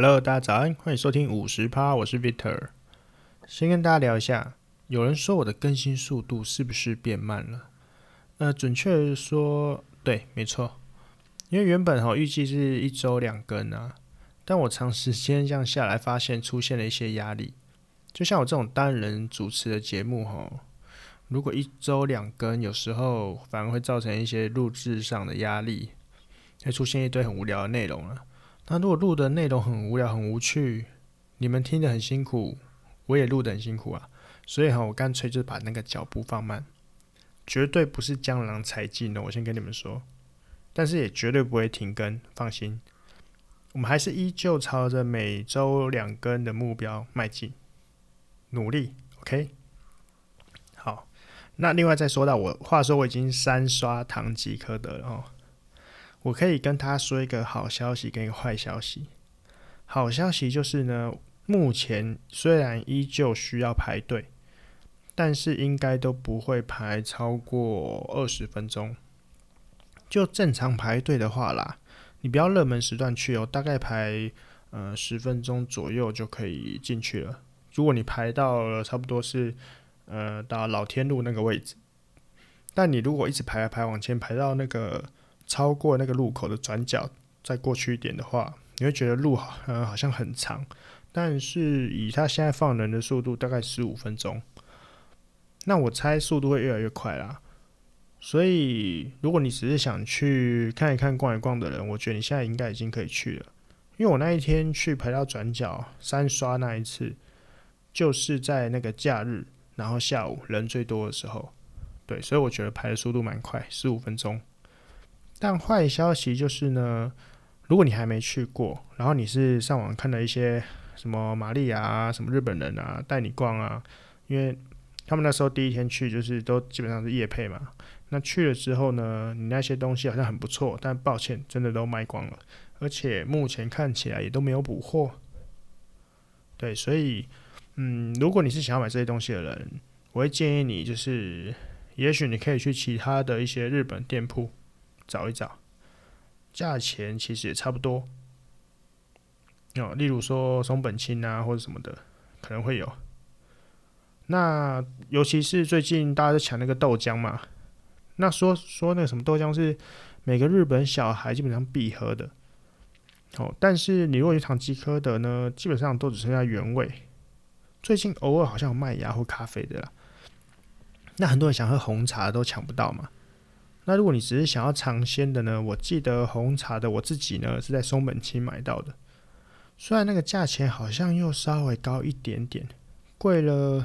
Hello，大家早安，歡迎收聽五十趴，我是 Victor。先跟大家聊一下，有人說我的更新速度是不是變慢了？呃，準確說，對，沒錯，因為原本哈預計是一周兩更啊，但我長時間這樣下來，發現出現了一些壓力。就像我這種單人主持的節目哈，如果一周兩更，有時候反而會造成一些錄制上的壓力，會出現一堆很無聊的內容了。那如果錄的內容很無聊，很無趣，你們聽得很辛苦，我也錄得很辛苦啊，所以哈，我乾脆就把那個腳步放慢，絕對不是江郎才盡的，哦，我先跟你們說，但是也絕對不會停更，放心，我們還是依舊朝着每周兩更的目標邁進，努力，OK？好，那另外再說到我，話說我已經三刷唐吉訶德了哦。我可以跟他說一個好消息跟一個壞消息。好消息就是呢，目前雖然依舊需要排隊，但是應該都不會排超過二十分鐘。就正常排隊的話啦，你不要熱門時段去哦、喔，大概排呃十分鐘左右就可以進去了。如果你排到了差不多是呃到老天路那個位置，但你如果一直排啊排往前排到那個。超過那個路口的轉角，再過去一點的話，你會覺得路好，好像很長。但是以他現在放人的速度，大概十五分鐘。那我猜速度會越來越快啦。所以，如果你只是想去看一看逛一逛的人，我覺得你現在應該已經可以去了。因為我那一天去排到轉角三刷那一次，就是在那個假日，然後下午人最多的時候。對，所以我覺得排的速度蠻快，十五分鐘。但壞消息就是呢，如果你還沒去過，然後你是上網看了一些什麼瑪麗亞啊、什麼日本人啊帶你逛啊，因為他們那時候第一天去就是都基本上是業配嘛。那去了之後呢，你那些東西好像很不錯，但抱歉，真的都賣光了，而且目前看起來也都沒有補貨。對，所以嗯，如果你是想要買這些東西的人，我會建議你就是，也許你可以去其他的一些日本店鋪。找一找，價錢其實也差不多。哦，例如說松本清啊，或者什麼的，可能會有。那尤其是最近大家在搶那個豆漿嘛，那說說那個什麼豆漿是每個日本小孩基本上必喝的。哦，但是你若去唐吉訶德呢，基本上都只剩下原味。最近偶爾好像有麥芽或咖啡的啦。那很多人想喝紅茶都搶不到嘛。那如果你只是想要嘗鮮的呢？我記得紅茶的我自己呢是在松本清買到的，雖然那個價錢好像又稍微高一點點，貴了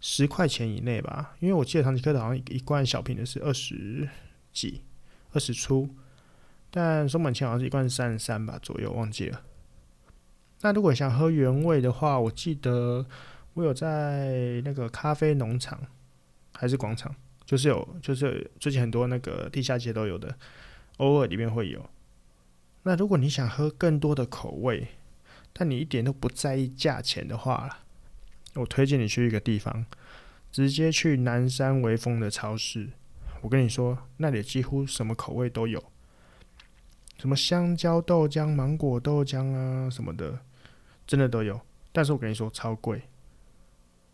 十塊錢以內吧。因為我記得唐吉訶德好像一罐小瓶的是二十幾、二十出，但松本清好像是一罐三十三吧左右，忘記了。那如果想喝原味的話，我記得我有在那個咖啡農場還是廣場？就是有，就是最近很多那個地下街都有的，偶爾裡面會有。那如果你想喝更多的口味，但你一點都不在意價錢的話，我推薦你去一個地方，直接去南山微風的超市。我跟你說，那裡幾乎什麼口味都有，什麼香蕉豆漿、芒果豆漿啊什麼的，真的都有。但是我跟你說，超貴，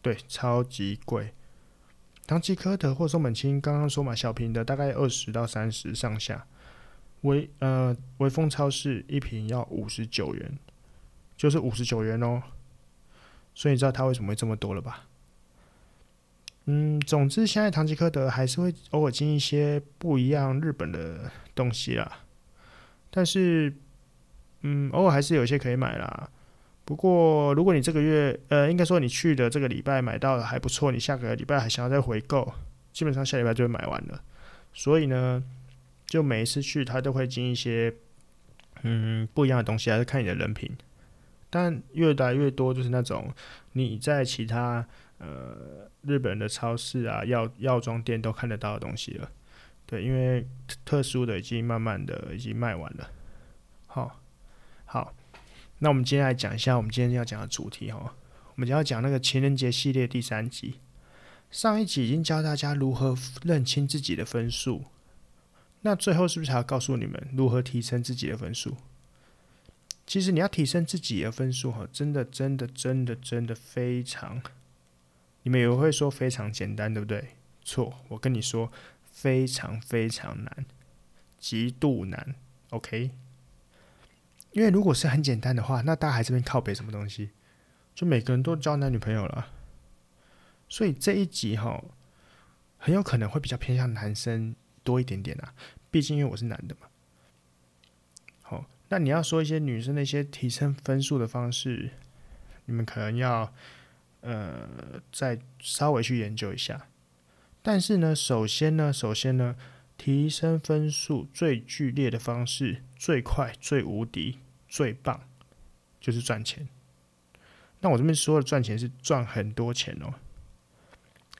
對，超級貴。唐吉訶德或者松本清，剛剛說嘛，小瓶的大概二十到三十上下，微呃微風超市一瓶要五十九元，就是五十九元哦，所以你知道它為什麼會這麼多了吧？嗯，總之現在唐吉訶德還是會偶爾進一些不一樣日本的東西啦，但是嗯，偶爾還是有一些可以買啦。不過，如果你這個月，呃，應該說你去的這個禮拜買到的還不錯，你下個禮拜還想要再回購，基本上下禮拜就會買完了。所以呢，就每一次去，它都會進一些，嗯，不一樣的東西，還是看你的人品。但越來越多就是那種你在其他呃日本的超市啊、藥藥妝店都看得到的東西了。對，因為特殊的已經慢慢的已經賣完了。好、哦，好。那我們今天來講一下我們今天要講的主題哈。我們要講那個情人節系列第三集。上一集已經教大家如何認清自己的分數，那最後是不是還要告訴你們如何提升自己的分數？其實你要提升自己的分數哈，真的真的真的真的非常，你們也會說非常簡單對不對？錯，我跟你說非常非常難，極度難，OK？因為如果是很簡單的話，那大家還在這邊靠北什麼東西？就每個人都交男女朋友了。所以這一集齁，很有可能會比較偏向男生多一點點啊。畢竟因為我是男的嘛。好，那你要說一些女生的一些提升分數的方式，你們可能要呃再稍微去研究一下。但是呢，首先呢，首先呢。提升分數最劇烈的方式，最快、最無敵、最棒，就是賺錢。那我這邊說的賺錢是賺很多錢哦，喔，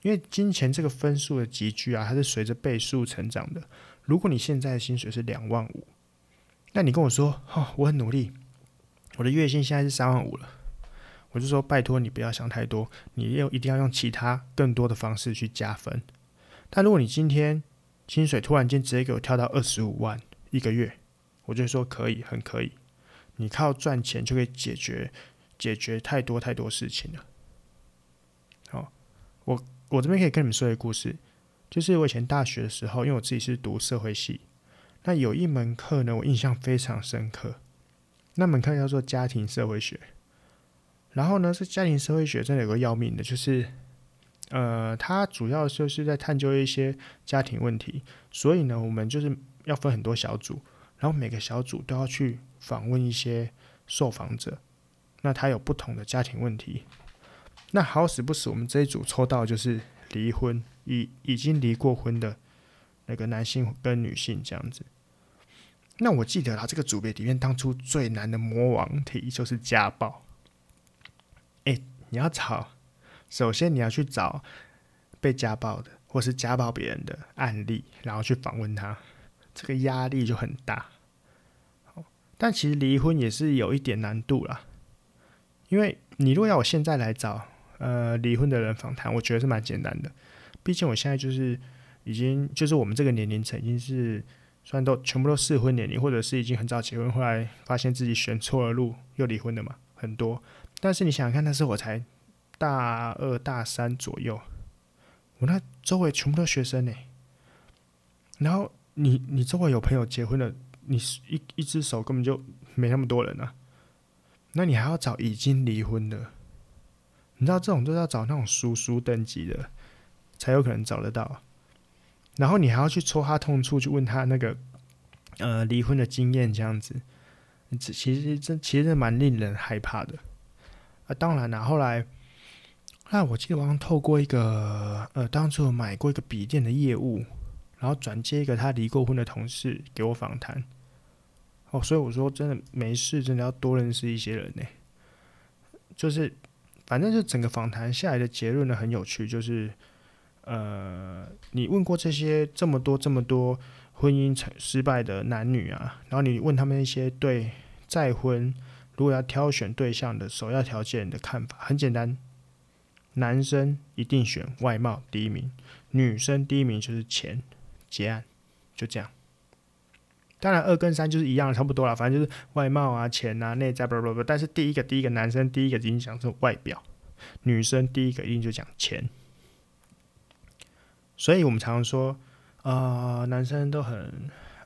因為金錢這個分數的級距啊，它是隨着倍數成長的。如果你現在的薪水是兩萬五，那你跟我說：“哦，我很努力，我的月薪現在是三萬五了。”我就說：“拜托你不要想太多，你要一定要用其他更多的方式去加分。”但如果你今天，薪水突然間直接給我跳到二十五萬一個月，我就說可以，很可以。你靠賺錢就可以解決解決太多太多事情了。好，我我這邊可以跟你們說一個故事，就是我以前大學的時候，因為我自己是讀社會系，那有一門課呢，我印象非常深刻。那門課叫做家庭社會學，然後呢，是家庭社會學真的有個要命的就是。呃，他主要就是在探究一些家庭問題，所以呢，我們就是要分很多小組，然後每個小組都要去訪問一些受訪者。那他有不同的家庭問題，那好死不死，我們這一組抽到就是離婚，已已經離過婚的那個男性跟女性這樣子。那我記得他這個組別裡面當初最難的魔王題就是家暴。誒、欸，你要吵？首先，你要去找被家暴的，或是家暴別人的案例，然後去訪問他，這個壓力就很大。但其實離婚也是有一點難度啦，因為你如果要我現在來找呃離婚的人訪談，我覺得是蠻簡單的，畢竟我現在就是已經就是我們這個年齡層已經是算都全部都適婚年齡，或者是已經很早結婚後來發現自己選錯了路又離婚的嘛，很多。但是你想想看，那時候我才。大二、大三左右，我那周圍全部都學生呢。然後你你周圍有朋友結婚了，你一一只手根本就沒那麼多人啊。那你還要找已經離婚的，你知道這種都要找那種叔叔等級的，才有可能找得到。然後你還要去戳他痛處，去問他那個呃離婚的經驗，這樣子，其實這其實蠻令人害怕的啊。當然了，後來。那、啊、我記得，我好像透過一個呃，當初有買過一個筆電的業務，然後轉接一個他離過婚的同事給我訪談。哦，所以我說真的沒事，真的要多認識一些人呢、欸。就是，反正就整個訪談下來的結論呢，很有趣。就是，呃，你問過這些這麼多這麼多婚姻成失敗的男女啊，然後你問他們一些對再婚如果要挑選對象的首要條件的看法，很簡單。男生一定選外貌第一名，女生第一名就是錢，結案就這樣。當然二跟三就是一樣，差不多了，反正就是外貌啊、錢啊、內在，不不不，但是第一個，第一個男生第一個一定講是外表，女生第一個一定就講錢。所以我們常常說，啊、呃，男生都很，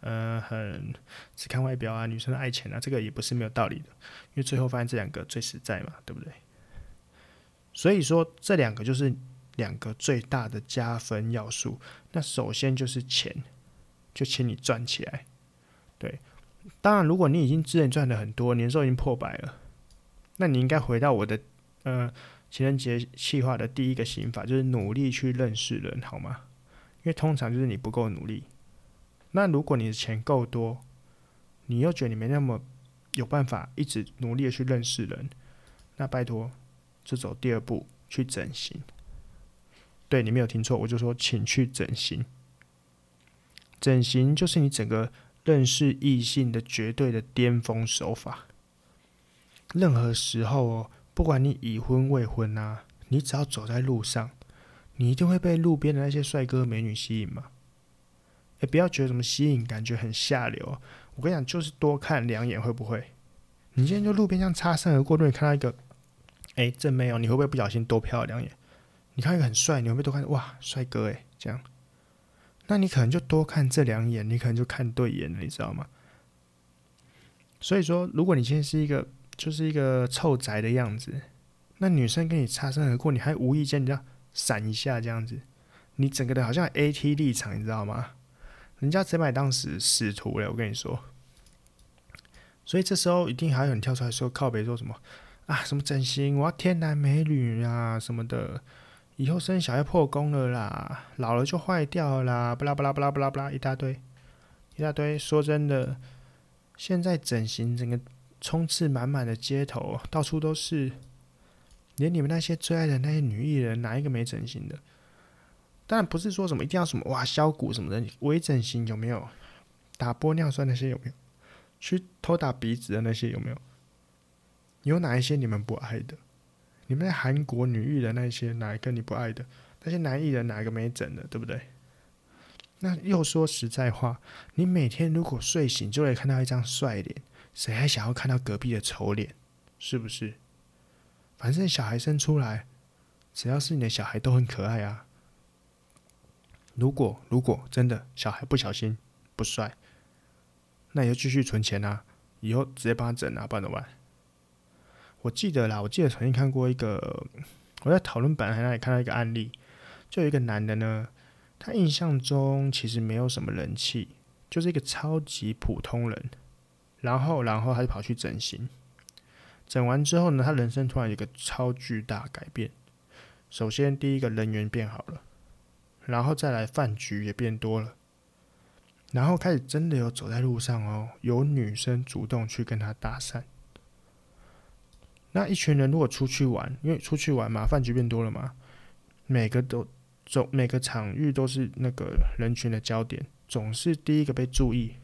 嗯、呃，很只看外表啊，女生愛錢啊，這個也不是沒有道理的，因為最後發現這兩個最實在嘛，對不對？所以說，這兩個就是兩個最大的加分要素。那首先就是錢，就請你賺起來。對，當然，如果你已經之前賺的很多，年收已經破百了，那你應該回到我的呃情人節計劃的第一個心法，就是努力去認識人，好嗎？因為通常就是你不夠努力。那如果你的錢夠多，你又覺得你沒那麼有辦法一直努力的去認識人，那拜託。就走第二步，去整形。對你沒有聽錯，我就說請去整形。整形就是你整個認識異性的絕對的巔峰手法。任何時候哦，不管你已婚未婚啊，你只要走在路上，你一定會被路邊的那些帥哥美女吸引嘛。哎、欸，不要覺得什麼吸引，感覺很下流啊。我跟你講，就是多看兩眼會不會？你今天就路邊上擦身而過，如果你看到一個。誒，正妹喔，你會不會不小心多瞟兩眼？你看一個很帥，你會不會多看？哇，帥哥誒、欸，這樣，那你可能就多看這兩眼，你可能就看對眼了，你知道嗎？所以說，如果你現在是一個，就是一個臭宅的樣子，那女生跟你擦身而過，你還無意間，你這樣閃一下這樣子，你整個的好像 AT 立場，你知道嗎？人家只買當時使徒了，我跟你說，所以這時候一定還有人跳出來說靠北說什麼。啊，什麼整形？我要天然美女啊！什麼的。以後生小孩又破功了啦，老了就壞掉啦，巴拉巴拉巴拉巴拉一大堆，一大堆，一大堆。說真的，現在整形整個充斥滿滿的街頭，到處都是。連你們那些最愛的那些女藝人，哪一個沒整形的？當然不是說什麼一定要什麼哇削骨什麼的，微整形有沒有？打玻尿酸那些有沒有？去偷打鼻子的那些有沒有？有哪一些你們不愛的？你們在韓國女藝人那一些哪一個你不愛的？那些男藝人哪一個沒整的？對不對？那又說實在話，你每天如果睡醒就會看到一張帥臉，誰還想要看到隔壁的醜臉？是不是？反正小孩生出來，只要是你的小孩都很可愛啊。如果如果真的小孩不小心不帥，那你就繼續存錢啊，以後直接幫他整啊，不然怎麼辦？我記得啦，我記得曾經看過一個，我在討論版那裡看到一個案例，就有一個男的呢，他印象中其實沒有什麼人氣，就是一個超級普通人。然後，然後他就跑去整形，整完之後呢，他人生突然有一個超巨大改變。首先，第一個人緣變好了，然後再來飯局也變多了，然後開始真的有走在路上哦，喔，有女生主動去跟他搭訕。那一群人如果出去玩，因為出去玩嘛，飯局變多了嘛，每個都總每個場域都是那個人群的焦點，總是第一個被注意，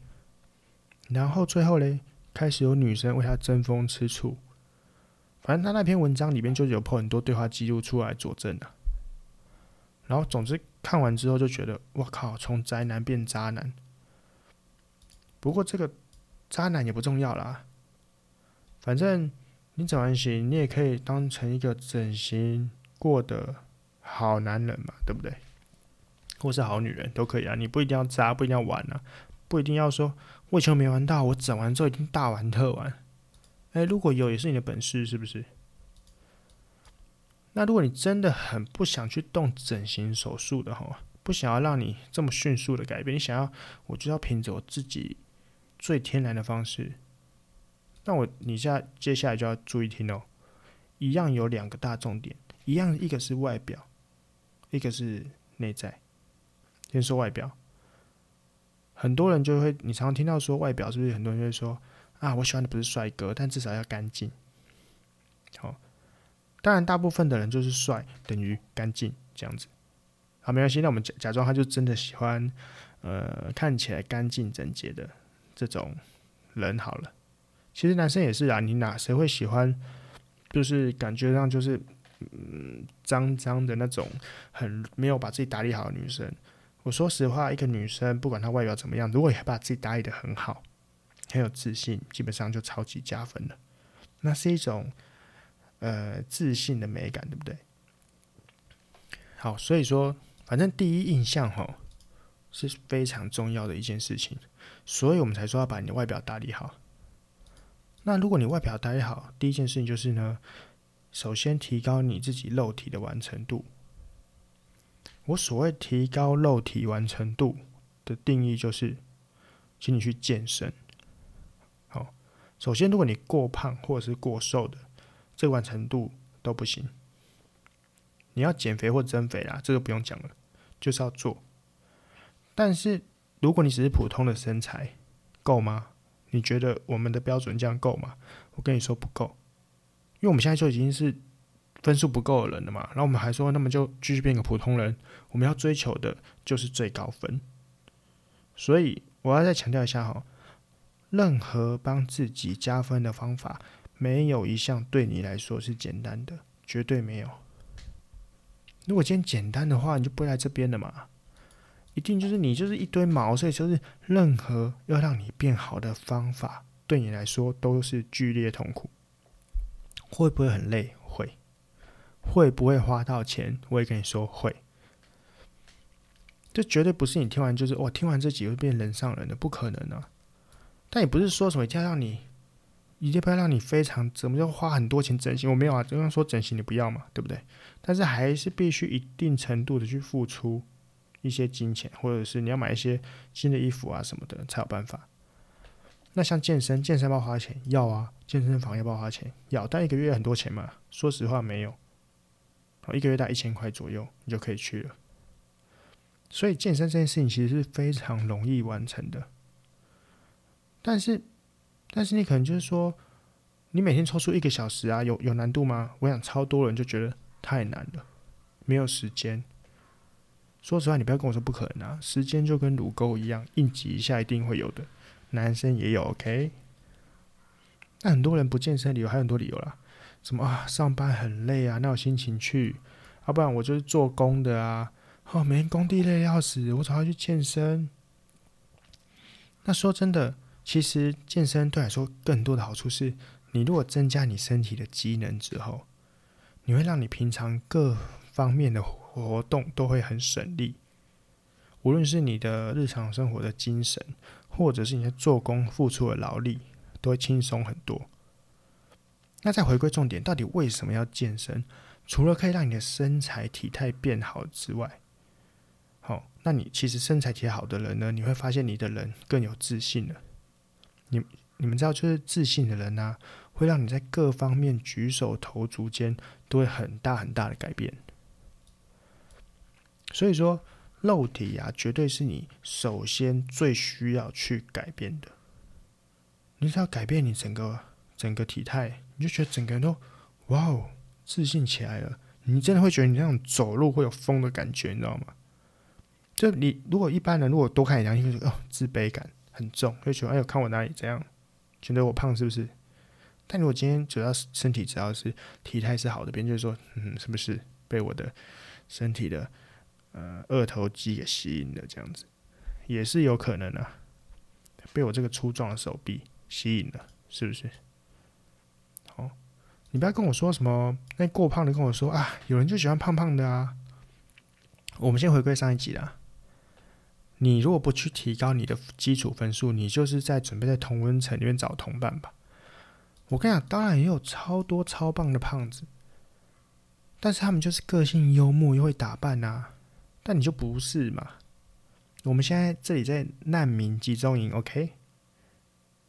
然後最後嘞，開始有女生為他爭風吃醋，反正他那篇文章裡面就有破很多對話記錄出來佐證的、啊，然後總之看完之後就覺得，哇靠，從宅男變渣男，不過這個渣男也不重要啦，反正。你整完型，你也可以當成一個整形過的好男人嘛，對不對？或是好女人，都可以啊。你不一定要紮，不一定要玩啊，不一定要說我以前沒玩到，我整完之後一定大玩特玩。哎、欸，如果有也是你的本事，是不是？那如果你真的很不想去動整形手術的話，不想要讓你這麼迅速的改變，你想要我就要憑着我自己最天然的方式。那我你下，接下來就要注意聽哦，一樣有兩個大重點，一樣一個是外表，一個是內在。先說外表，很多人就會，你常常聽到說外表是不是？很多人就會說啊，我喜歡的不是帥哥，但至少要乾淨。好，當然大部分的人就是帥等於乾淨這樣子。好，沒關係，那我們假假裝他就真的喜歡，呃，看起來乾淨整潔的這種人好了。其實男生也是啊，你哪誰會喜歡？就是感覺上就是，嗯，髒髒的那種，很沒有把自己打理好的女生。我說實話，一個女生不管她外表怎麼樣，如果也把自己打理得很好，很有自信，基本上就超級加分了。那是一種，呃，自信的美感，對不對？好，所以說，反正第一印象吼是非常重要的一件事情，所以我們才說要把你的外表打理好。那如果你外表待好，第一件事情就是呢，首先提高你自己肉體的完成度。我所謂提高肉體完成度的定義就是，請你去健身。好，首先，如果你過胖或者是過瘦的，這完成度都不行。你要減肥或增肥啦，這個不用講了，就是要做。但是，如果你只是普通的身材，夠嗎？你覺得我們的標準這樣夠嗎？我跟你說不夠，因為我們現在就已經是分數不夠的人了嘛。然後我們還說，那麼就繼續變個普通人。我們要追求的就是最高分。所以我要再強調一下哈，任何幫自己加分的方法，沒有一項對你來說是簡單的，絕對沒有。如果今天簡單的話，你就不來這邊了嘛。一定就是你，就是一堆毛，所以就是任何要讓你變好的方法，對你來說都是劇烈痛苦。會不會很累？會。會不會花到錢？我也跟你說會。這絕對不是你聽完就是我聽完這幾個變人上人的，不可能啊。但也不是說什麼一定要讓你，一定不要讓你非常怎麼要花很多錢整形，我沒有啊，剛剛說整形你不要嘛，對不對？但是還是必須一定程度的去付出。一些金錢，或者是你要買一些新的衣服啊什麼的才有辦法。那像健身，健身要不要花錢？要啊，健身房要不要花錢？要，但一個月很多錢嘛，說實話沒有，哦，一個月大概一千塊左右，你就可以去了。所以健身這件事情其實是非常容易完成的。但是，但是你可能就是說，你每天抽出一個小時啊，有有難度嗎？我想超多人就覺得太難了，沒有時間。說實話，你不要跟我說不可能啊！時間就跟乳溝一樣，硬擠一下一定會有的。男生也有 OK。那很多人不健身的理由還有很多理由啦，什麼啊上班很累啊，哪有心情去？要、啊、不然我就是做工的啊，哦、啊、每天工地累要死，我早好去健身。那說真的，其實健身對來說更多的好處是，你如果增加你身體的機能之後，你會讓你平常各方面的。活動都會很省力，無論是你的日常生活的精神，或者是你的做工付出的勞力，都會輕鬆很多。那再回歸重點，到底為什麼要健身？除了可以讓你的身材體態變好之外，好、哦，那你其實身材體態好的人呢，你會發現你的人更有自信了。你你們知道，就是自信的人呢、啊，會讓你在各方面舉手投足間都會很大很大的改變。所以說，肉體啊，絕對是你首先最需要去改變的。你只要改變你整個整個體態，你就覺得整個人都哇哦，自信起來了。你真的會覺得你那種走路會有風的感覺，你知道嗎？就你如果一般人如果多看一兩眼，就覺得哦，自卑感很重，會覺得哎呦，看我哪裡這樣，覺得我胖是不是？但如果今天主要身體只要是體態是好的，別人就說嗯，是不是被我的身體的。呃，二頭肌也吸引了這樣子，也是有可能啊。被我這個粗壯的手臂吸引了，是不是？好，你不要跟我說什麼，那過胖的跟我說啊，有人就喜歡胖胖的啊。我們先回歸上一集啦。你如果不去提高你的基礎分數，你就是在準備在同溫層裡面找同伴吧。我跟你講，當然也有超多超棒的胖子，但是他們就是個性幽默又會打扮啊。但你就不是嘛？我們現在這裡在難民集中營，OK？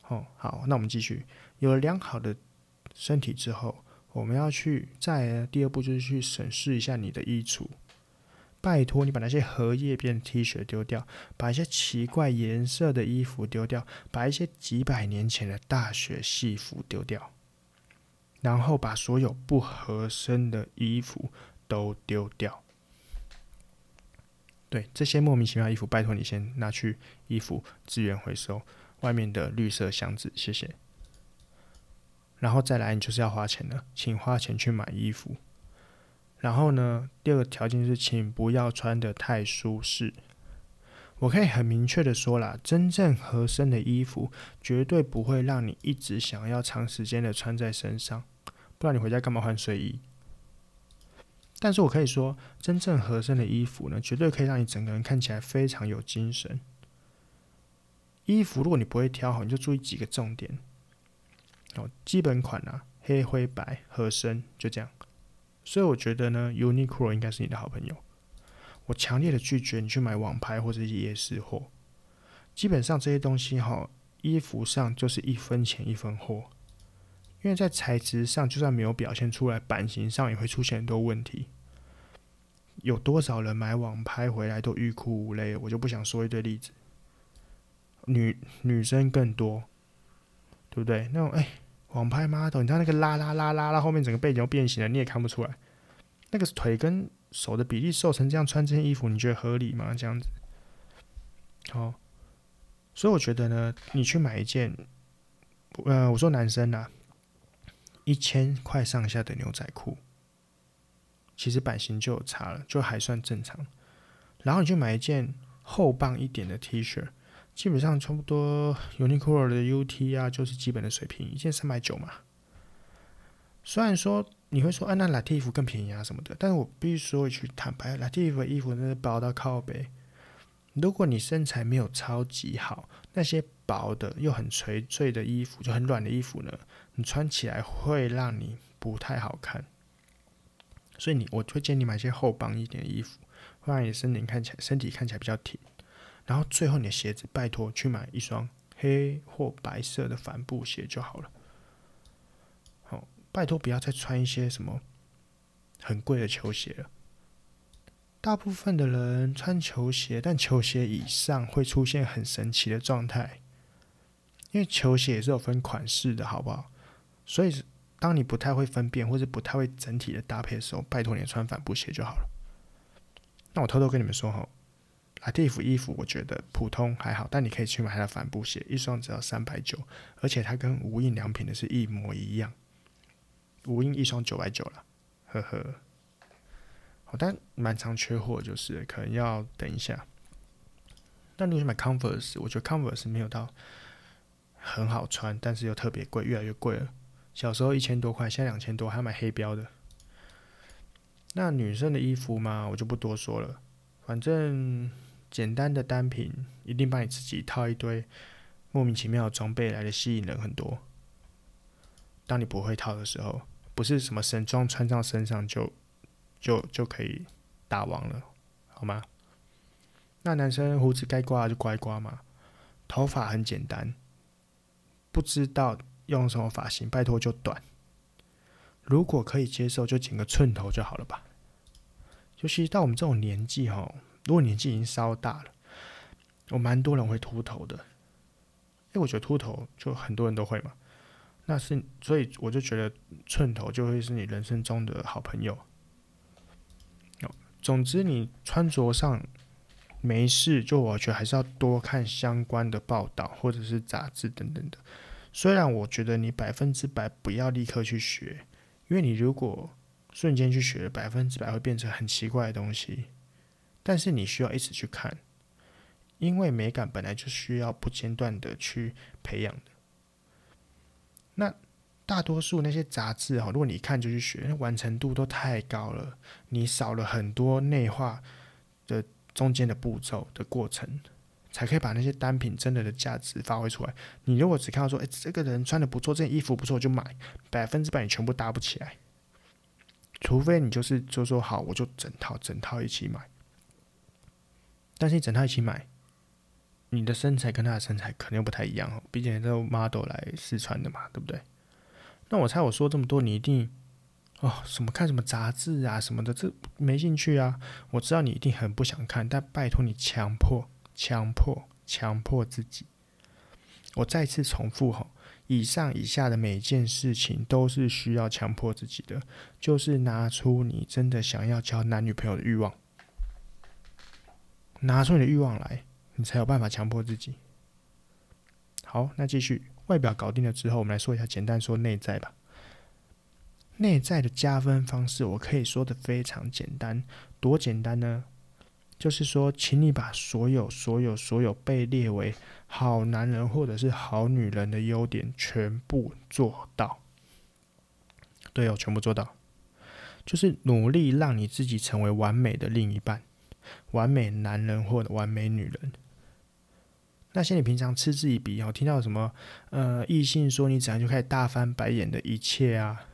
哦，好，那我們繼續。有了良好的身體之後，我們要去再第二步就是去審視一下你的衣櫥。拜托你把那些荷葉邊 T 恤丟掉，把一些奇怪顏色的衣服丟掉，把一些幾百年前的大學戲服丟掉，然後把所有不合身的衣服都丟掉。對這些莫名其妙的衣服，拜託你先拿去衣服資源回收外面的綠色箱子，謝謝。然後再來，你就是要花錢了，請花錢去買衣服。然後呢，第二個條件是，請不要穿得太舒適。我可以很明確的說啦，真正合身的衣服絕對不會讓你一直想要長時間的穿在身上，不然你回家幹嘛換睡衣？但是我可以說，真正合身的衣服呢，絕對可以讓你整個人看起來非常有精神。衣服如果你不會挑，好，你就注意幾個重點。哦，基本款啊，黑灰白合身就這樣。所以我覺得呢，Uniqlo 應該是你的好朋友。我強烈的拒絕你去買網拍或者夜市貨。基本上這些東西哈、哦，衣服上就是一分錢一分貨。因為在材質上就算沒有表現出來，版型上也會出現很多問題。有多少人買網拍回來都欲哭無淚？我就不想說一堆例子。女女生更多，對不對？那種哎、欸，網拍 model 你知道那個拉拉拉拉拉後面整個背景都變形了，你也看不出來。那個腿跟手的比例瘦成這樣，穿這件衣服你覺得合理嗎？這樣子。好、哦，所以我覺得呢，你去買一件，呃，我說男生吶、啊。一千塊上下的牛仔褲，其實版型就有差了，就還算正常。然後你就買一件厚棒一點的 T 恤，shirt, 基本上差不多 Uniqlo 的 U T 啊，就是基本的水平，一件三百九嘛。雖然說你會說，啊，那 Latif 更便宜啊什麼的，但是我必須說一句坦白，Latif 的衣服那是薄到靠北。如果你身材沒有超級好，那些薄的又很垂墜的衣服，就很軟的衣服呢，你穿起來會讓你不太好看。所以你，我會建議你買一些厚磅一點的衣服，會讓你身體看起來身體看起來比較挺。然後最後你的鞋子，拜託去買一雙黑或白色的帆布鞋就好了。好，拜託不要再穿一些什麼很貴的球鞋了。大部分的人穿球鞋，但球鞋以上會出現很神奇的狀態，因為球鞋也是有分款式的，好不好？所以當你不太會分辨，或者不太會整體的搭配的時候，拜託你穿帆布鞋就好了。那我偷偷跟你們說吼，啊，蒂服衣服我覺得普通還好，但你可以去買它的帆布鞋，一雙只要三百九，而且它跟無印良品的是一模一樣，無印一雙九百九了，呵呵。但蠻常缺貨，就是可能要等一下。那如果買 Converse，我覺得 Converse 沒有到很好穿，但是又特別貴，越來越貴了。小時候一千多塊，現在兩千多，還要買黑標的。那女生的衣服嘛，我就不多說了。反正簡單的單品，一定幫你自己套一堆莫名其妙的裝備，來的吸引人很多。當你不會套的時候，不是什麼神裝穿上身上就。就就可以打王了，好嗎？那男生鬍子該刮就刮一刮嘛，頭髮很簡單，不知道用什麼髮型，拜托就短。如果可以接受，就剪個寸頭就好了吧。尤其到我們這種年紀哈，如果年紀已經稍大了，我蠻多人會禿頭的。誒，我覺得禿頭就很多人都會嘛，那是所以我就覺得寸頭就會是你人生中的好朋友。總之，你穿着上沒事，就我覺得還是要多看相關的報道或者是雜誌等等的。雖然我覺得你百分之百不要立刻去學，因為你如果瞬間去學，百分之百會變成很奇怪的東西。但是你需要一直去看，因為美感本來就需要不間斷的去培養的。那大多數那些雜誌哈、哦，如果你看就去學，那完成度都太高了，你少了很多內化的中間的步驟的過程，才可以把那些單品真的的價值發揮出來。你如果只看到說，哎，這個人穿得不錯，這件、個、衣服不錯，就買，百分之百你全部搭不起來，除非你就是就說好，我就整套整套一起買。但是一整套一起買，你的身材跟他的身材肯定不太一樣、哦，畢竟都 model 來試穿的嘛，對不對？那我猜我說這麼多，你一定哦，什麼看什麼雜誌啊什麼的，這沒興趣啊。我知道你一定很不想看，但拜托你強迫、強迫、強迫自己。我再次重複吼：以上以下的每件事情都是需要強迫自己的，就是拿出你真的想要交男女朋友的慾望，拿出你的慾望來，你才有辦法強迫自己。好，那繼續。外表搞定了之後，我們來說一下，簡單說內在吧。內在的加分方式，我可以說的非常簡單，多簡單呢？就是說，請你把所有、所有、所有被列為好男人或者是好女人的優點全部做到。對哦，全部做到，就是努力讓你自己成為完美的另一半，完美男人或者完美女人。那些你平常嗤之以鼻，好聽到什麼呃異性說你怎樣，就開始大翻白眼的一切啊，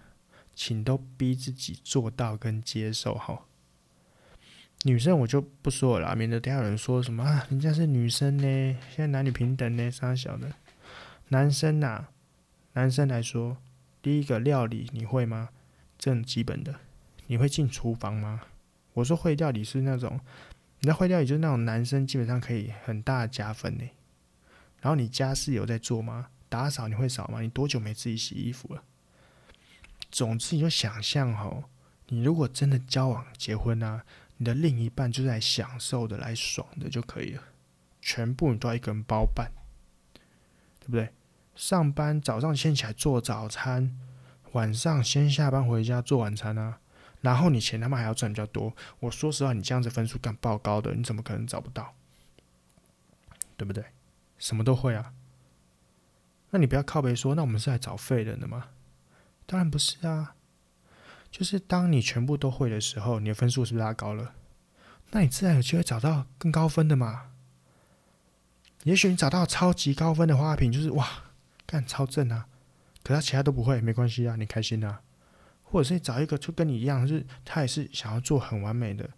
請都逼自己做到跟接受哈。女生我就不說了，免得等下有人說什麼啊，人家是女生呢，現在男女平等呢，三小的。男生吶、啊，男生來說，第一個料理你會嗎？這基本的，你會進廚房嗎？我說會料理是那種，你要那會料理就是那種男生基本上可以很大的加分嘞、欸。然後你家事有在做嗎？打掃你會掃嗎？你多久沒自己洗衣服了？總之你就想象吼，你如果真的交往結婚啊，你的另一半就是來享受的、來爽的就可以了，全部你都要一個人包辦，對不對？上班早上先起來做早餐，晚上先下班回家做晚餐啊。然後你錢他媽還要賺比較多。我說實話，你這樣子分數幹爆高的，你怎麼可能找不到？對不對？什麼都會啊？那你不要靠北說。那我們是來找廢人的嗎？當然不是啊。就是當你全部都會的時候，你的分數是不是拉高了？那你自然有機會找到更高分的嘛。也許你找到超級高分的花瓶，就是哇，幹超正啊！可他其他都不會，沒關係啊，你開心啊。或者是你找一個就跟你一樣，就是他也是想要做很完美的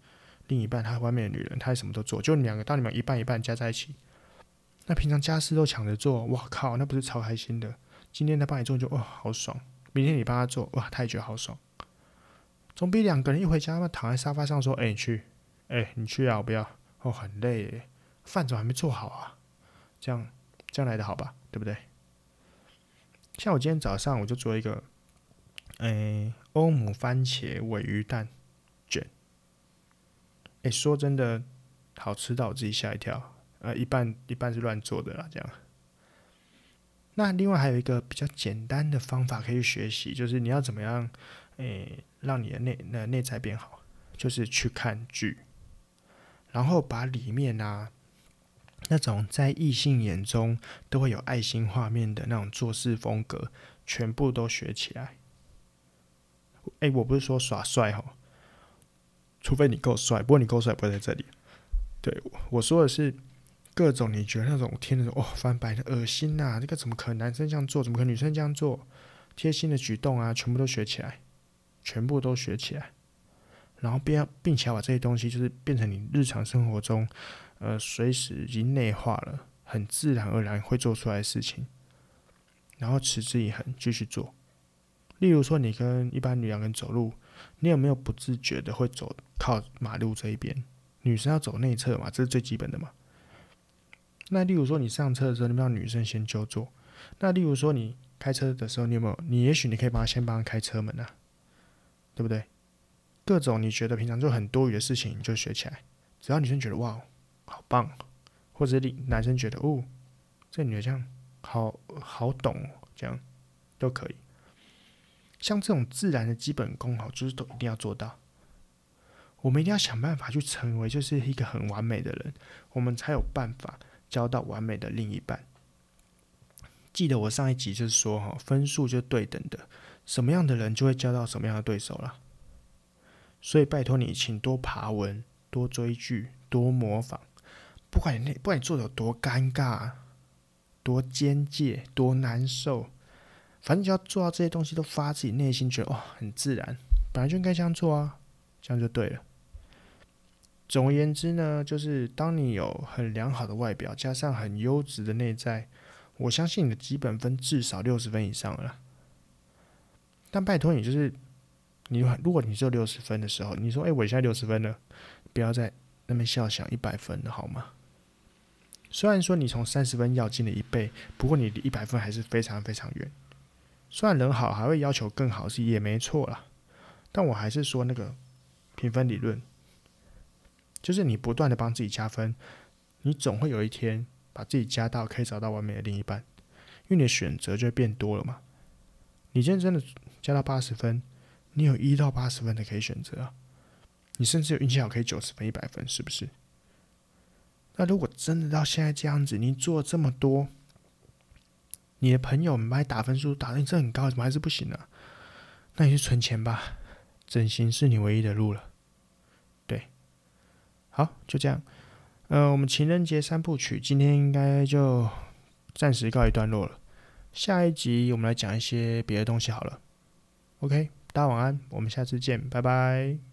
另一半，他完美的女人，他也什麼都做，就兩個，當你們一半一半加在一起。那平常家事都搶着做，哇靠，那不是超開心的。今天他幫你做你就哇、哦、好爽，明天你幫他做哇，他也覺得好爽。總比兩個人一回家，那躺在沙發上說：“哎、欸，你去，哎、欸，你去呀、啊，我不要，哦，很累耶，飯怎麼還沒做好啊？”這樣這樣來的好吧，對不對？像我今天早上我就做一個，哎、欸，歐姆番茄鮪魚蛋卷。哎、欸，說真的，好吃到我自己嚇一跳。呃，一半一半是亂做的啦，這樣。那另外還有一個比較簡單的方法可以學習，就是你要怎麼樣，誒、欸，讓你的內那內在變好，就是去看劇，然後把裡面啊那種在異性眼中都會有愛心畫面的那種做事風格，全部都學起來。誒、欸，我不是說耍帥哦，除非你夠帥，不過你夠帥不會在這裡。對，我，我說的是，各種你覺得那種天哪，哦翻白的惡心吶、啊，這個怎麼可能？男生這樣做怎麼可能？女生這樣做？貼心的舉動啊，全部都學起來，全部都學起來。然後並要並且要把這些東西，就是變成你日常生活中，呃，隨時已經內化了，很自然而然會做出來的事情。然後持之以恆繼續做。例如說，你跟一般女兩個人走路，你有沒有不自覺的會走靠馬路這一邊？女生要走內側嘛，這是最基本的嘛。那例如說你上車的時候，你讓女生先就坐。那例如說你開車的時候，你有沒有？你也許你可以幫她先幫她開車門啊，對不對？各種你覺得平常就很多餘的事情，你就學起來。只要女生覺得哇，好棒，或者你男生覺得哦，這女的這樣好好懂哦，這樣都可以。像這種自然的基本功，好，就是都一定要做到。我們一定要想辦法去成為就是一個很完美的人，我們才有辦法。交到完美的另一半，記得我上一集就是說哈、哦，分數就對等的，什麼樣的人就會交到什麼樣的對手了。所以拜托你，請多爬文，多追劇，多模仿。不管你不管你做得有多尷尬、多間接，多難受，反正只要做到這些東西，都發自己內心覺得哦，很自然，本來就應該這樣做啊，這樣就對了。總而言之呢，就是當你有很良好的外表，加上很優質的內在，我相信你的基本分至少六十分以上了。但拜託你，就是你如果你只有六十分的時候，你說：“誒、欸，我現在六十分了，不要在那邊笑想一百分了，好嗎？”雖然說你從三十分要進了一倍，不過你離一百分還是非常非常遠。雖然人好還會要求更好是也沒錯了，但我還是說那個評分理論。就是你不斷的幫自己加分，你總會有一天把自己加到可以找到完美的另一半，因為你的選擇就會變多了嘛。你今天真的加到八十分，你有一到八十分的可以選擇啊，你甚至有運氣好可以九十分一百分，是不是？那如果真的到現在這樣子，你做了這麼多，你的朋友們幫你打分數，打分數很高，怎麼還是不行呢、啊？那你就存錢吧，整形是你唯一的路了。好，就這樣。呃，我們情人節三部曲今天應該就暫時告一段落了。下一集我們來講一些別的東西好了。OK，大家晚安，我們下次見，拜拜。